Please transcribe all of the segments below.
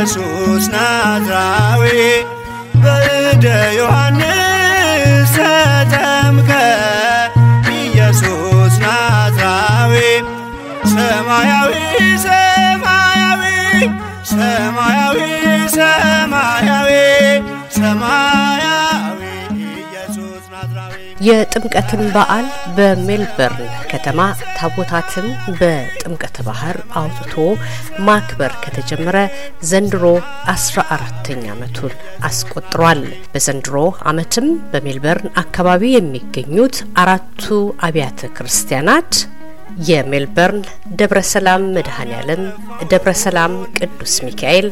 ኢየሱስ ናዝራዊ በእደ ዮሐንስ ተጠምቀ ኢየሱስ ናዝራዊ ሰማያዊ ሰማያዊ ሰማያዊ ሰማያዊ ሰማያዊ የጥምቀትን በዓል በሜልበርን ከተማ ታቦታትን በጥምቀት ባህር አውጥቶ ማክበር ከተጀመረ ዘንድሮ አስራ አራተኛ ዓመቱን አስቆጥሯል። በዘንድሮ ዓመትም በሜልበርን አካባቢ የሚገኙት አራቱ አብያተ ክርስቲያናት የሜልበርን ደብረ ሰላም መድኃኔ ዓለም፣ ደብረ ሰላም ቅዱስ ሚካኤል፣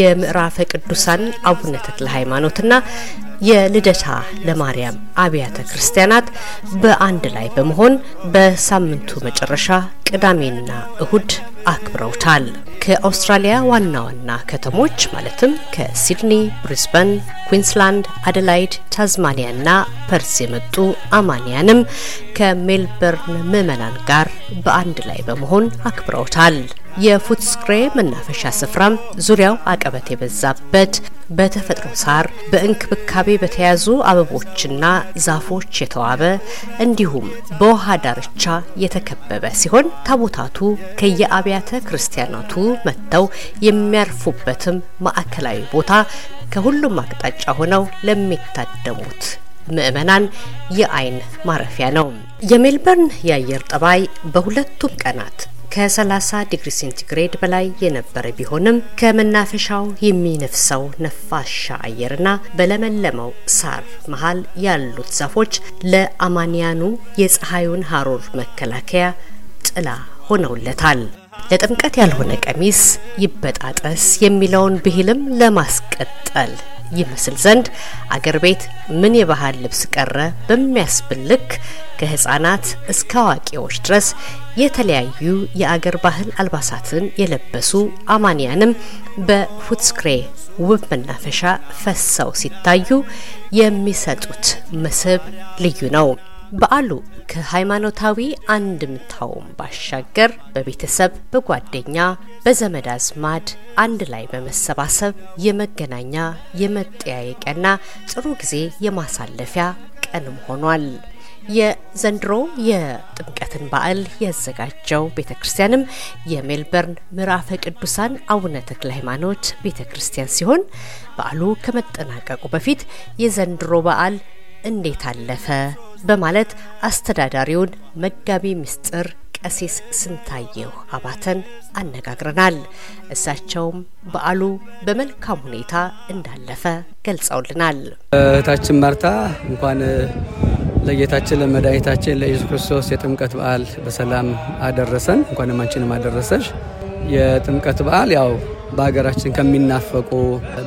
የምዕራፈ ቅዱሳን አቡነ ተክለ ሃይማኖትና የልደታ ለማርያም አብያተ ክርስቲያናት በአንድ ላይ በመሆን በሳምንቱ መጨረሻ ቅዳሜና እሁድ አክብረውታል። ከአውስትራሊያ ዋና ዋና ከተሞች ማለትም ከሲድኒ፣ ብሪስበን፣ ኩንስላንድ፣ አደላይድ፣ ና ፐርስ የመጡ አማንያንም ከሜልበርን ምዕመናን ጋር በአንድ ላይ በመሆን አክብረውታል። የፉትስክሬ መናፈሻ ስፍራም ዙሪያው አቀበት የበዛበት በተፈጥሮ ሳር በእንክብካቤ በተያዙ አበቦችና ዛፎች የተዋበ እንዲሁም በውሃ ዳርቻ የተከበበ ሲሆን ታቦታቱ ከየአብያተ ክርስቲያናቱ መጥተው የሚያርፉበትም ማዕከላዊ ቦታ ከሁሉም አቅጣጫ ሆነው ለሚታደሙት ምዕመናን የአይን ማረፊያ ነው። የሜልበርን የአየር ጠባይ በሁለቱም ቀናት ከ30 ዲግሪ ሴንቲግሬድ በላይ የነበረ ቢሆንም ከመናፈሻው የሚነፍሰው ነፋሻ አየርና በለመለመው ሳር መሃል ያሉት ዛፎች ለአማንያኑ የፀሐዩን ሐሩር መከላከያ ጥላ ሆነውለታል። ለጥምቀት ያልሆነ ቀሚስ ይበጣጠስ የሚለውን ብሂልም ለማስቀጠል ይመስል ዘንድ አገር ቤት ምን የባህል ልብስ ቀረ በሚያስብል ልክ ከህፃናት እስከ አዋቂዎች ድረስ የተለያዩ የአገር ባህል አልባሳትን የለበሱ አማንያንም በፉትስክሬ ውብ መናፈሻ ፈሰው ሲታዩ የሚሰጡት መስህብ ልዩ ነው። በዓሉ ከሃይማኖታዊ አንድምታውም ባሻገር በቤተሰብ፣ በጓደኛ፣ በዘመድ አዝማድ አንድ ላይ በመሰባሰብ የመገናኛ የመጠያየቂያና ጥሩ ጊዜ የማሳለፊያ ቀንም ሆኗል። የዘንድሮ የጥምቀትን በዓል ያዘጋጀው ቤተ ክርስቲያንም የሜልበርን ምዕራፈ ቅዱሳን አቡነ ተክለ ሃይማኖት ቤተ ክርስቲያን ሲሆን በዓሉ ከመጠናቀቁ በፊት የዘንድሮ በዓል እንዴት አለፈ በማለት አስተዳዳሪውን መጋቢ ምስጢር ቀሲስ ስንታየው አባተን አነጋግረናል። እሳቸውም በዓሉ በመልካም ሁኔታ እንዳለፈ ገልጸውልናል። እህታችን ማርታ እንኳን ለጌታችን ለመድኃኒታችን ለኢየሱስ ክርስቶስ የጥምቀት በዓል በሰላም አደረሰን። እንኳን ማንችንም አደረሰሽ። የጥምቀት በዓል ያው በሀገራችን ከሚናፈቁ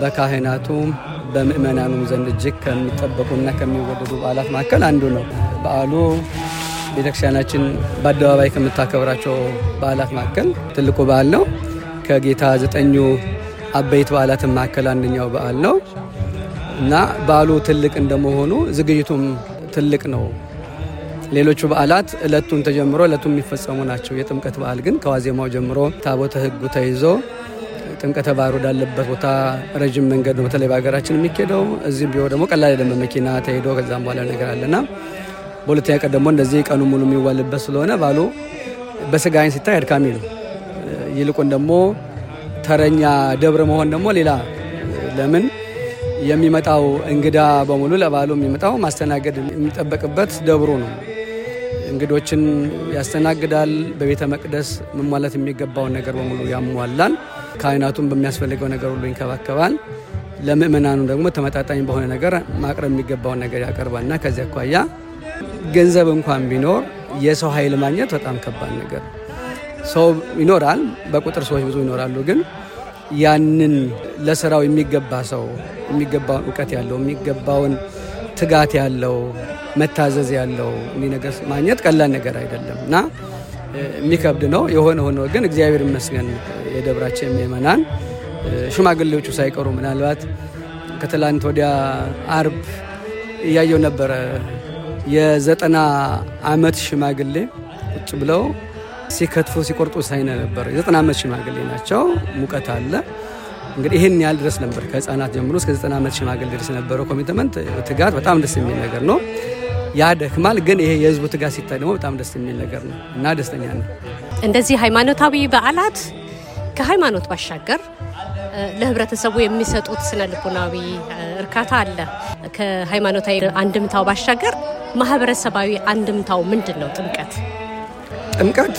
በካህናቱም በምእመናኑ ዘንድ እጅግ ከሚጠበቁና ከሚወደዱ በዓላት መካከል አንዱ ነው። በዓሉ ቤተክርስቲያናችን በአደባባይ ከምታከብራቸው በዓላት መካከል ትልቁ በዓል ነው። ከጌታ ዘጠኙ አበይት በዓላት መካከል አንደኛው በዓል ነው እና በዓሉ ትልቅ እንደመሆኑ ዝግጅቱም ትልቅ ነው። ሌሎቹ በዓላት እለቱን ተጀምሮ እለቱ የሚፈጸሙ ናቸው። የጥምቀት በዓል ግን ከዋዜማው ጀምሮ ታቦተ ሕጉ ተይዞ ጥምቀተ ባህር ወዳለበት ቦታ ረዥም መንገድ ነው፣ በተለይ በሀገራችን የሚካሄደው። እዚህ ቢሆን ደግሞ ቀላል አይደለም፣ መኪና ተሄዶ ከዛም በኋላ ነገር አለና፣ በሁለተኛ ቀን ደግሞ እንደዚህ ቀኑ ሙሉ የሚዋልበት ስለሆነ ባሉ በስጋ አይን ሲታይ አድካሚ ነው። ይልቁን ደግሞ ተረኛ ደብር መሆን ደግሞ ሌላ ለምን የሚመጣው እንግዳ በሙሉ ለባሉ የሚመጣው ማስተናገድ የሚጠበቅበት ደብሩ ነው። እንግዶችን ያስተናግዳል። በቤተ መቅደስ መሟላት የሚገባውን ነገር በሙሉ ያሟላል። ካህናቱን በሚያስፈልገው ነገር ሁሉ ይንከባከባል። ለምእመናኑ ደግሞ ተመጣጣኝ በሆነ ነገር ማቅረብ የሚገባውን ነገር ያቀርባልና ከዚህ አኳያ ገንዘብ እንኳን ቢኖር የሰው ኃይል ማግኘት በጣም ከባድ ነገር። ሰው ይኖራል፣ በቁጥር ሰዎች ብዙ ይኖራሉ። ግን ያንን ለስራው የሚገባ ሰው የሚገባውን እውቀት ያለው የሚገባውን ትጋት ያለው መታዘዝ ያለው እንዲህ ነገር ማግኘት ቀላል ነገር አይደለም እና የሚከብድ ነው። የሆነ ሆኖ ግን እግዚአብሔር ይመስገን የደብራችን ምእመናን ሽማግሌዎቹ ሳይቀሩ ምናልባት ከትላንት ወዲያ አርብ እያየው ነበረ የዘጠና ዓመት ሽማግሌ ቁጭ ብለው ሲከትፉ ሲቆርጡ ሳይነ ነበር። የዘጠና ዓመት ሽማግሌ ናቸው። ሙቀት አለ እንግዲህ ይህን ያህል ድረስ ነበር። ከህፃናት ጀምሮ እስከ ዘጠና ዓመት ሽማግሌ ድረስ የነበረው ኮሚትመንት ትጋት በጣም ደስ የሚል ነገር ነው። ያደክማል። ግን ይሄ የህዝቡ ትጋት ሲታይ ደግሞ በጣም ደስ የሚል ነገር ነው እና ደስተኛ ነው። እንደዚህ ሃይማኖታዊ በዓላት ከሃይማኖት ባሻገር ለህብረተሰቡ የሚሰጡት ስነ ልቦናዊ እርካታ አለ። ከሃይማኖታዊ አንድምታው ባሻገር ማህበረሰባዊ አንድምታው ምንድን ነው? ጥምቀት ጥምቀት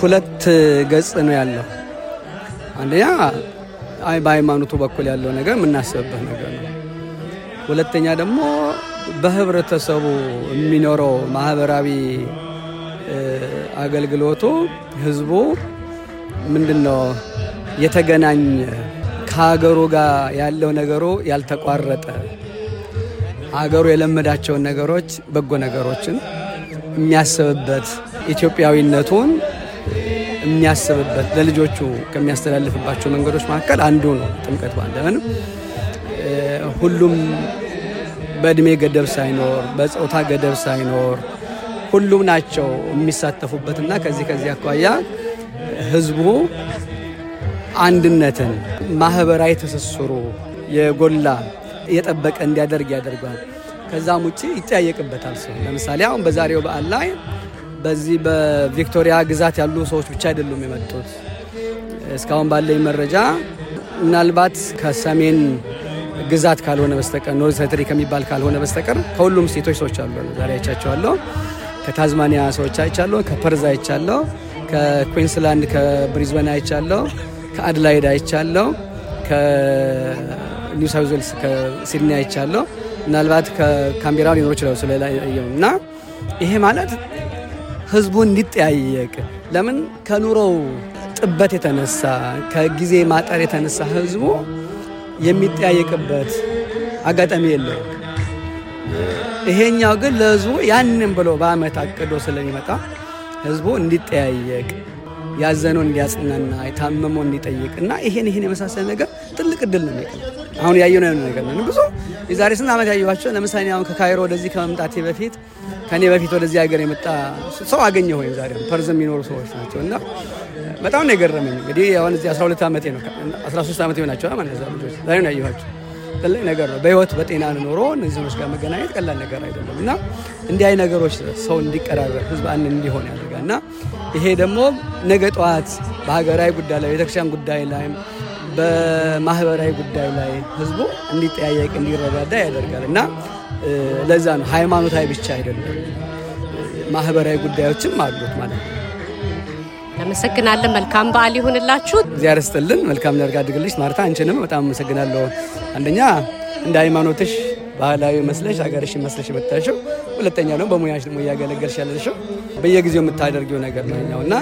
ሁለት ገጽ ነው ያለው። አንደኛ በሃይማኖቱ በኩል ያለው ነገር የምናስብበት ነገር ነው። ሁለተኛ ደግሞ በህብረተሰቡ የሚኖረው ማህበራዊ አገልግሎቱ ህዝቡ ምንድን ነው የተገናኘ ከሀገሩ ጋር ያለው ነገሩ ያልተቋረጠ ሀገሩ የለመዳቸውን ነገሮች በጎ ነገሮችን የሚያስብበት ኢትዮጵያዊነቱን የሚያስብበት ለልጆቹ ከሚያስተላልፍባቸው መንገዶች መካከል አንዱ ነው ጥምቀት። ባለምን ሁሉም በእድሜ ገደብ ሳይኖር በፆታ ገደብ ሳይኖር ሁሉም ናቸው የሚሳተፉበትና ከዚህ ከዚህ አኳያ ህዝቡ አንድነትን ማህበራዊ ትስስሩ የጎላ የጠበቀ እንዲያደርግ ያደርጓል። ከዛም ውጭ ይጠያየቅበታል ሰው። ለምሳሌ አሁን በዛሬው በዓል ላይ በዚህ በቪክቶሪያ ግዛት ያሉ ሰዎች ብቻ አይደሉም የመጡት። እስካሁን ባለኝ መረጃ ምናልባት ከሰሜን ግዛት ካልሆነ በስተቀር ኖርዝ ተሪተሪ ከሚባል ካልሆነ በስተቀር ከሁሉም ስቴቶች ሰዎች አሉ። ዛሬ አይቻቸዋለሁ። ከታዝማኒያ ሰዎች አይቻለሁ። ከፐርዝ አይቻለሁ። ከኩዊንስላንድ ከብሪዝበን አይቻለሁ። ከአድላይድ አይቻለሁ። ከኒው ሳውዝ ዌልስ ከሲድኒ አይቻለሁ። ምናልባት ከካምቤራ ሊኖር ይችላል ስለላየው እና ይሄ ማለት ህዝቡ እንዲጠያየቅ ለምን ከኑሮው ጥበት የተነሳ ከጊዜ ማጠር የተነሳ ህዝቡ የሚጠያየቅበት አጋጣሚ የለው ይሄኛው ግን ለህዝቡ ያንን ብሎ በአመት አቅዶ ስለሚመጣ ህዝቡ እንዲጠያየቅ ያዘነው እንዲያጽናና የታመመው እንዲጠይቅ እና ይሄን ይሄን የመሳሰለ ነገር ትልቅ እድል ነው አሁን ያየነው ነገር ነው። ብዙ የዛሬ ስንት ዓመት ያየኋቸው ለምሳሌ አሁን ከካይሮ ወደዚህ ከመምጣቴ በፊት ከኔ በፊት ወደዚህ ሀገር የመጣ ሰው አገኘ ሆይ ዛሬ ፐርዝ የሚኖሩ ሰዎች ናቸው እና በጣም ነው የገረመኝ። እንግዲህ አሁን እዚህ 12 ዓመቴ ነው 13 ዓመት ይሆናቸው ማለት ነው ልጆች ዛሬ ነው ያየኋቸው። ትልቅ ነገር ነው በህይወት በጤና ኖሮ እነዚህ ሰዎች ጋር መገናኘት ቀላል ነገር አይደለም እና እንዲህ አይ ነገሮች ሰው እንዲቀራረብ ህዝብ አንድ እንዲሆን ያደርጋል እና ይሄ ደግሞ ነገ ጠዋት በሀገራዊ ጉዳይ ላይ ቤተክርስቲያን ጉዳይ ላይ በማህበራዊ ጉዳይ ላይ ህዝቡ እንዲጠያየቅ እንዲረዳዳ ያደርጋል እና ለዛ ነው ሃይማኖታዊ ብቻ አይደለም ማህበራዊ ጉዳዮችም አሉት ማለት ነው። እናመሰግናለን። መልካም በዓል ይሁንላችሁ። እግዚአብሔር ይስጥልን። መልካም ነገር አድርግልሽ ማርታ። አንቺንም በጣም አመሰግናለሁ። አንደኛ እንደ ሃይማኖትሽ ባህላዊ መስለሽ ሀገርሽ መስለሽ የመታሽው፣ ሁለተኛ ደግሞ በሙያሽ ደግሞ እያገለገልሽ ያለሽው በየጊዜው የምታደርጊው ነገር ነው ኛው እና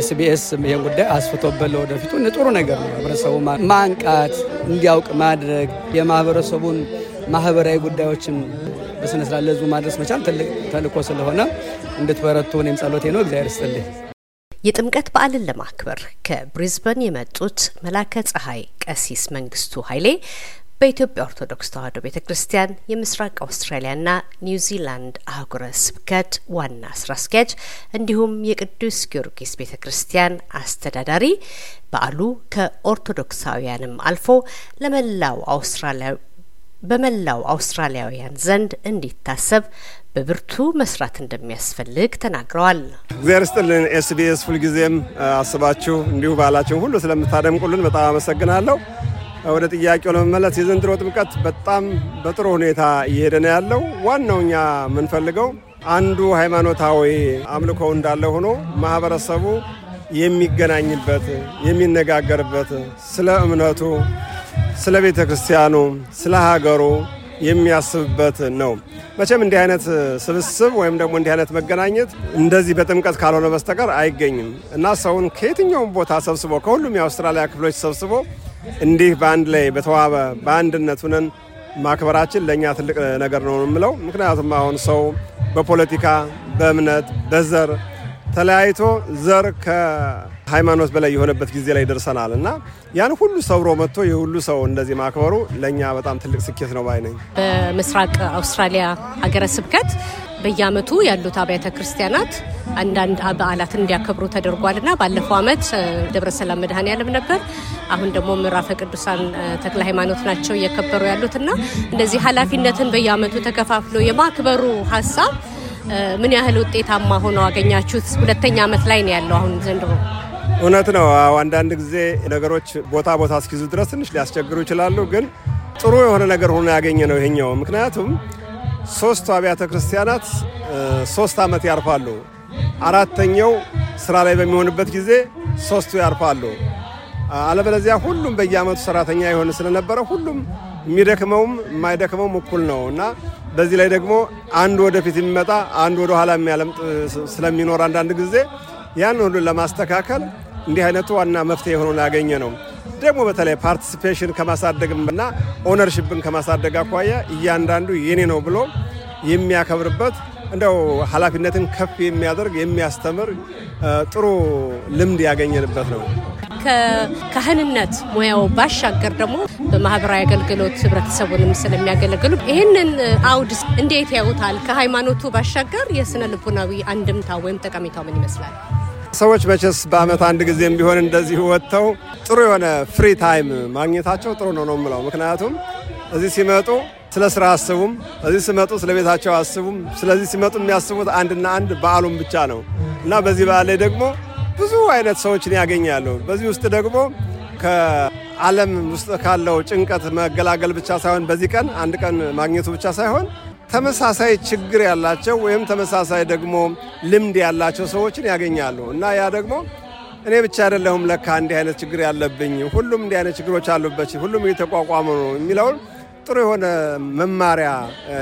ኤስቢኤስ ይህን ጉዳይ አስፍቶበት ለወደፊቱ ጥሩ ነገር ነው። ማህበረሰቡ ማንቃት እንዲያውቅ ማድረግ የማህበረሰቡን ማህበራዊ ጉዳዮችን በስነስርዓት ለህዝቡ ማድረስ መቻል ትልቅ ተልእኮ ስለሆነ እንድትበረቱ እኔም ጸሎቴ ነው። እግዚአብሔር ይስጥልኝ። የጥምቀት በዓልን ለማክበር ከብሪዝበን የመጡት መላከ ፀሐይ ቀሲስ መንግስቱ ኃይሌ በኢትዮጵያ ኦርቶዶክስ ተዋሕዶ ቤተ ክርስቲያን የምስራቅ አውስትራሊያና ኒውዚላንድ አህጉረ ስብከት ዋና ስራ አስኪያጅ እንዲሁም የቅዱስ ጊዮርጊስ ቤተ ክርስቲያን አስተዳዳሪ በዓሉ ከኦርቶዶክሳውያንም አልፎ ለመላው አውስትራሊያ በመላው አውስትራሊያውያን ዘንድ እንዲታሰብ በብርቱ መስራት እንደሚያስፈልግ ተናግረዋል። እግዚአብሔር ይስጥልን። ኤስቢኤስ ሁልጊዜም አስባችሁ እንዲሁ ባህላችን ሁሉ ስለምታደምቁልን በጣም አመሰግናለሁ። ወደ ጥያቄው ለመመለስ የዘንድሮ ጥምቀት በጣም በጥሩ ሁኔታ እየሄደ ነው ያለው። ዋናው እኛ የምንፈልገው አንዱ ሃይማኖታዊ አምልኮ እንዳለ ሆኖ ማህበረሰቡ የሚገናኝበት፣ የሚነጋገርበት ስለ እምነቱ፣ ስለ ቤተ ክርስቲያኑ፣ ስለ ሀገሩ የሚያስብበት ነው። መቼም እንዲህ አይነት ስብስብ ወይም ደግሞ እንዲህ አይነት መገናኘት እንደዚህ በጥምቀት ካልሆነ በስተቀር አይገኝም እና ሰውን ከየትኛውም ቦታ ሰብስቦ ከሁሉም የአውስትራሊያ ክፍሎች ሰብስቦ እንዲህ በአንድ ላይ በተዋበ በአንድነት ሁነን ማክበራችን ለእኛ ትልቅ ነገር ነው የምለው። ምክንያቱም አሁን ሰው በፖለቲካ በእምነት በዘር ተለያይቶ ዘር ሃይማኖት በላይ የሆነበት ጊዜ ላይ ደርሰናል እና ያን ሁሉ ሰብሮ መጥቶ የሁሉ ሰው እንደዚህ ማክበሩ ለእኛ በጣም ትልቅ ስኬት ነው ባይ ነኝ። በምስራቅ አውስትራሊያ ሀገረ ስብከት በየአመቱ ያሉት አብያተ ክርስቲያናት አንዳንድ በዓላት እንዲያከብሩ ተደርጓልና ባለፈው አመት ደብረ ሰላም ያለም ነበር። አሁን ደግሞ ምዕራፈ ቅዱሳን ተክለ ሃይማኖት ናቸው እየከበሩ ያሉትና እንደዚህ ኃላፊነትን በየአመቱ ተከፋፍሎ የማክበሩ ሀሳብ ምን ያህል ውጤታማ ሆኖ አገኛችሁት? ሁለተኛ አመት ላይ ነው ያለው አሁን ዘንድሮ እውነት ነው። አንዳንድ ጊዜ ነገሮች ቦታ ቦታ እስኪዙ ድረስ ትንሽ ሊያስቸግሩ ይችላሉ። ግን ጥሩ የሆነ ነገር ሆኖ ያገኘ ነው ይሄኛው። ምክንያቱም ሶስቱ አብያተ ክርስቲያናት ሶስት ዓመት ያርፋሉ። አራተኛው ስራ ላይ በሚሆንበት ጊዜ ሶስቱ ያርፋሉ። አለበለዚያ ሁሉም በየአመቱ ሰራተኛ የሆነ ስለነበረ ሁሉም የሚደክመውም የማይደክመውም እኩል ነው እና በዚህ ላይ ደግሞ አንድ ወደፊት የሚመጣ አንድ ወደኋላ የሚያለምጥ ስለሚኖር አንዳንድ ጊዜ ያን ሁሉ ለማስተካከል እንዲህ አይነቱ ዋና መፍትሄ ሆኖ ያገኘ ነው። ደግሞ በተለይ ፓርቲሲፔሽን ከማሳደግና ኦነርሽፕን ከማሳደግ አኳያ እያንዳንዱ የኔ ነው ብሎ የሚያከብርበት እንደው ኃላፊነትን ከፍ የሚያደርግ የሚያስተምር ጥሩ ልምድ ያገኘንበት ነው። ከካህንነት ሙያው ባሻገር ደግሞ በማህበራዊ አገልግሎት ህብረተሰቡንም ስለሚያገለግሉ ይህንን አውድ እንዴት ያውታል ከሃይማኖቱ ባሻገር የስነ ልቡናዊ አንድምታ ወይም ጠቀሜታው ምን ይመስላል? ሰዎች መቼስ በአመት አንድ ጊዜም ቢሆን እንደዚህ ወጥተው ጥሩ የሆነ ፍሪ ታይም ማግኘታቸው ጥሩ ነው ነው የምለው። ምክንያቱም እዚህ ሲመጡ ስለ ስራ አስቡም፣ እዚህ ሲመጡ ስለ ቤታቸው አስቡም። ስለዚህ ሲመጡ የሚያስቡት አንድና አንድ በዓሉም ብቻ ነው እና በዚህ በዓል ላይ ደግሞ ብዙ አይነት ሰዎችን ያገኛሉ በዚህ ውስጥ ደግሞ ከዓለም ውስጥ ካለው ጭንቀት መገላገል ብቻ ሳይሆን በዚህ ቀን አንድ ቀን ማግኘቱ ብቻ ሳይሆን ተመሳሳይ ችግር ያላቸው ወይም ተመሳሳይ ደግሞ ልምድ ያላቸው ሰዎችን ያገኛሉ እና ያ ደግሞ እኔ ብቻ አይደለሁም ለካ እንዲህ አይነት ችግር ያለብኝ፣ ሁሉም እንዲህ አይነት ችግሮች አሉበት፣ ሁሉም እየተቋቋመ ነው የሚለውን ጥሩ የሆነ መማሪያ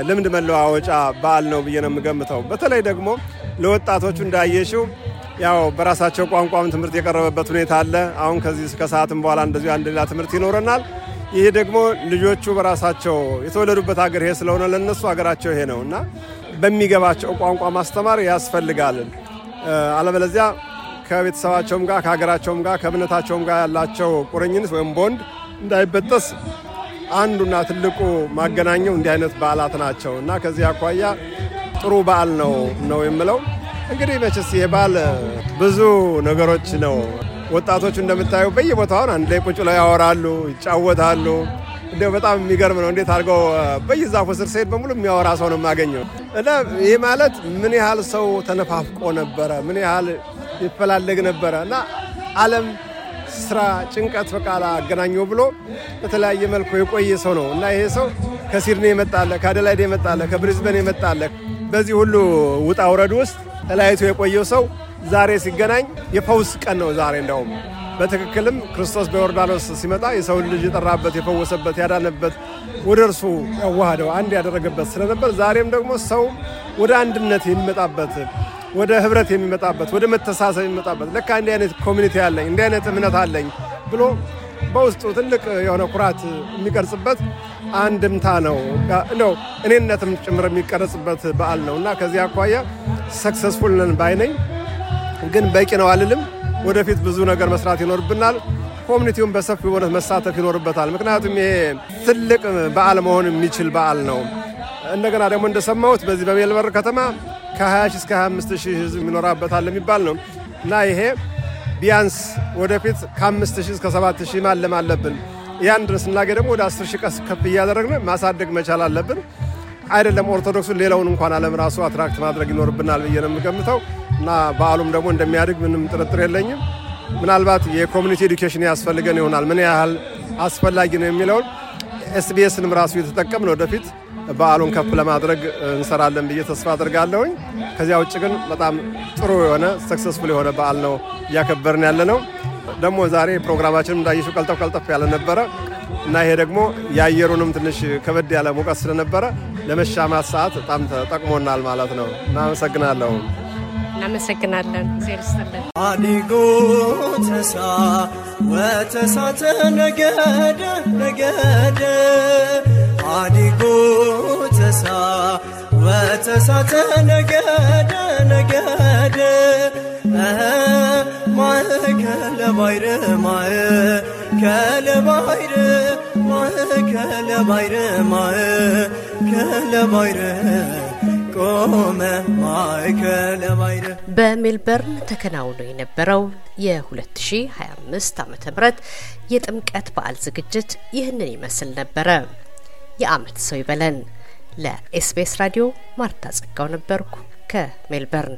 ልምድ መለዋወጫ በዓል ነው ብዬ ነው የምገምተው። በተለይ ደግሞ ለወጣቶቹ እንዳየሽው ያው በራሳቸው ቋንቋም ትምህርት የቀረበበት ሁኔታ አለ። አሁን ከዚህ እስከ ሰዓትም በኋላ እንደዚሁ አንድ ሌላ ትምህርት ይኖረናል። ይሄ ደግሞ ልጆቹ በራሳቸው የተወለዱበት ሀገር ይሄ ስለሆነ ለነሱ ሀገራቸው ይሄ ነው እና በሚገባቸው ቋንቋ ማስተማር ያስፈልጋል። አለበለዚያ ከቤተሰባቸውም ጋር ከሀገራቸውም ጋር ከእምነታቸውም ጋር ያላቸው ቁርኝነት ወይም ቦንድ እንዳይበጠስ አንዱና ትልቁ ማገናኘው እንዲህ አይነት በዓላት ናቸው እና ከዚህ አኳያ ጥሩ በዓል ነው ነው የምለው። እንግዲህ መቼስ የባል ብዙ ነገሮች ነው። ወጣቶቹ እንደምታዩ አሁን አንድ ላይ ቁጭ ላይ ያወራሉ፣ ይጫወታሉ። እንዲያው በጣም የሚገርም ነው እንዴት አድርገው በየዛፉ ስር ስሄድ በሙሉ የሚያወራ ሰው ነው የማገኘው። እና ይህ ማለት ምን ያህል ሰው ተነፋፍቆ ነበረ፣ ምን ያህል ይፈላለግ ነበረ እና አለም ስራ፣ ጭንቀት በቃ አገናኘው ብሎ በተለያየ መልኩ የቆየ ሰው ነው እና ይሄ ሰው ከሲድኒ የመጣለ ከአደላይድ የመጣለ ከብሪዝበን የመጣለ በዚህ ሁሉ ውጣ ውረድ ውስጥ ተለያይቶ የቆየው ሰው ዛሬ ሲገናኝ የፈውስ ቀን ነው። ዛሬ እንደውም በትክክልም ክርስቶስ በዮርዳኖስ ሲመጣ የሰውን ልጅ የጠራበት፣ የፈወሰበት፣ ያዳነበት ወደ እርሱ ያዋህደው አንድ ያደረገበት ስለነበር ዛሬም ደግሞ ሰው ወደ አንድነት የሚመጣበት ወደ ህብረት የሚመጣበት ወደ መተሳሰብ የሚመጣበት ለካ እንዲህ አይነት ኮሚኒቲ አለኝ እንዲህ አይነት እምነት አለኝ ብሎ በውስጡ ትልቅ የሆነ ኩራት የሚቀርጽበት አንድምታ ነው እኔነትም ጭምር የሚቀረጽበት በዓል ነው እና ከዚህ አኳያ ሰክሰስፉል ነን ነኝ። ግን በቂ ነው አልልም። ወደፊት ብዙ ነገር መስራት ይኖርብናል። ኮሚኒቲውን በሰፊ ሆነት መሳተፍ ይኖርበታል። ምክንያቱም ይሄ ትልቅ በዓል መሆን የሚችል በዓል ነው። እንደገና ደግሞ እንደሰማሁት በዚህ በሜልበር ከተማ ከ20 እስከ 25 ሺህ ህዝብ ይኖራበታል የሚባል ነው እና ይሄ ቢያንስ ወደፊት ከ5 ሺህ እስከ 7 ሺህ ማለም አለብን። ያን ድረስ ስናገኝ ደግሞ ወደ 10 ሺህ ቀስ ከፍ እያደረግን ማሳደግ መቻል አለብን። አይደለም ኦርቶዶክሱ ሌላውን እንኳን ዓለም ራሱ አትራክት ማድረግ ይኖርብናል ብዬ ነው የምገምተው እና በዓሉም ደግሞ እንደሚያድግ ምንም ጥርጥር የለኝም። ምናልባት የኮሚኒቲ ኤዱኬሽን ያስፈልገን ይሆናል ምን ያህል አስፈላጊ ነው የሚለውን ኤስቢኤስንም ራሱ የተጠቀምን ወደፊት በዓሉን ከፍ ለማድረግ እንሰራለን ብዬ ተስፋ አድርጋለሁኝ። ከዚያ ውጭ ግን በጣም ጥሩ የሆነ ሰክሰስፉል የሆነ በዓል ነው እያከበርን ያለ ነው። ደግሞ ዛሬ ፕሮግራማችን እንዳየሽው ቀልጠፍ ቀልጠፍ ያለ ነበረ እና ይሄ ደግሞ የአየሩንም ትንሽ ከበድ ያለ ሙቀት ስለነበረ ለመሻማት ሰዓት በጣም ተጠቅሞናል ማለት ነው። እናመሰግናለሁ። እናመሰግናለን። ወተሳተ ነገደ ነገደ ከለባይረ ከለባይረ ቆመ ከለባይረ በሜልበርን ተከናውኖ የነበረው የ2025 ዓ.ም የጥምቀት በዓል ዝግጅት ይህንን ይመስል ነበረ። የአመት ሰው ይበለን። ለኤስቢኤስ ራዲዮ ማርታ ጸጋው ነበርኩ ከሜልበርን።